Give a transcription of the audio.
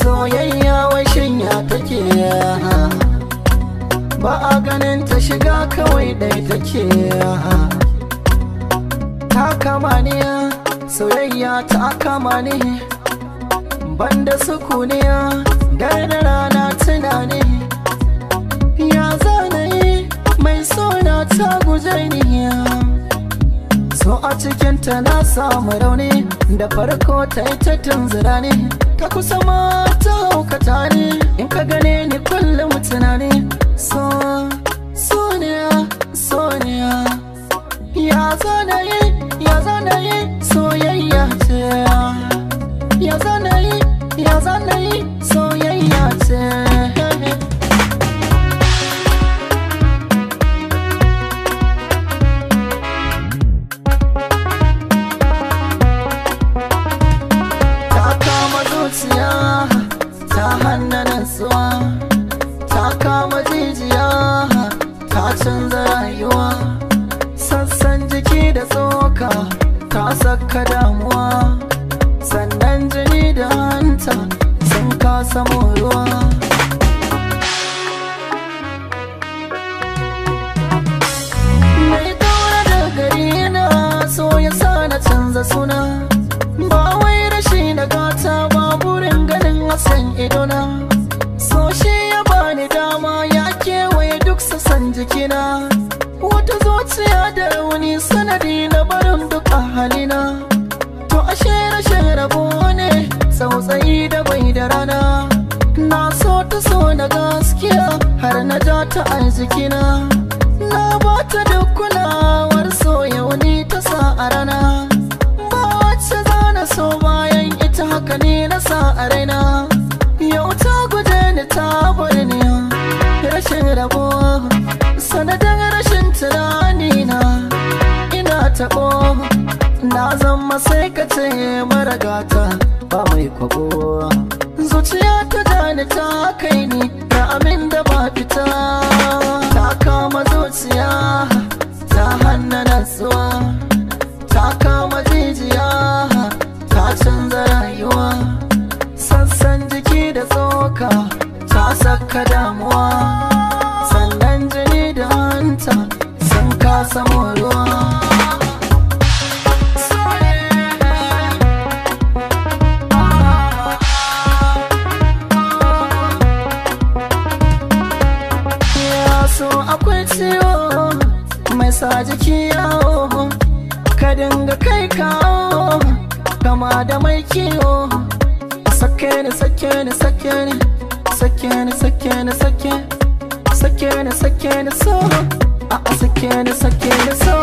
soyayya wai shanya take ba a ganin ta shiga kawai dai take ta kama ne soyayya ta kama ne banda sukuniya dardara so a cikinta na samu rauni da farko ta yi ta tunzura ne ta kusa ma ta haukata ne in ka gane ni kullum tunani so soniya soniya ya zanayi ya zanayi hannun ta kama jijiya ta canza rayuwa sassan jiki da tsoka ta saka damuwa sannan jini da hanta sun kasa moruwa ido na so shi ya bani dama ya kewaye duk sassan jikina wata zuciya da rauni sanadi na barin duk a halina to ashe shera rabo ne tsayi da bai da rana na so ta so na gaskiya har na ja ta arzikina na bata ta kula ta burniya rashin rabuwa sanadin rashin tunani na ina taɓo na zama sai ka ce mara gata ba mai kwabo zuciya ta dani ta kai ni na amin da ba fita ta kama zuciya ta hanna natsuwa ta kama jijiya ta canza rayuwa sassan jiki da tsoka saka damuwa sannan jini da hanta sun kasa moruwa akwai ciwo mai sa jiki yawo ka dinga kai kawo kama da mai kiwo sake ni sake ni sake ni Sakene sakene sake sakene sakene so so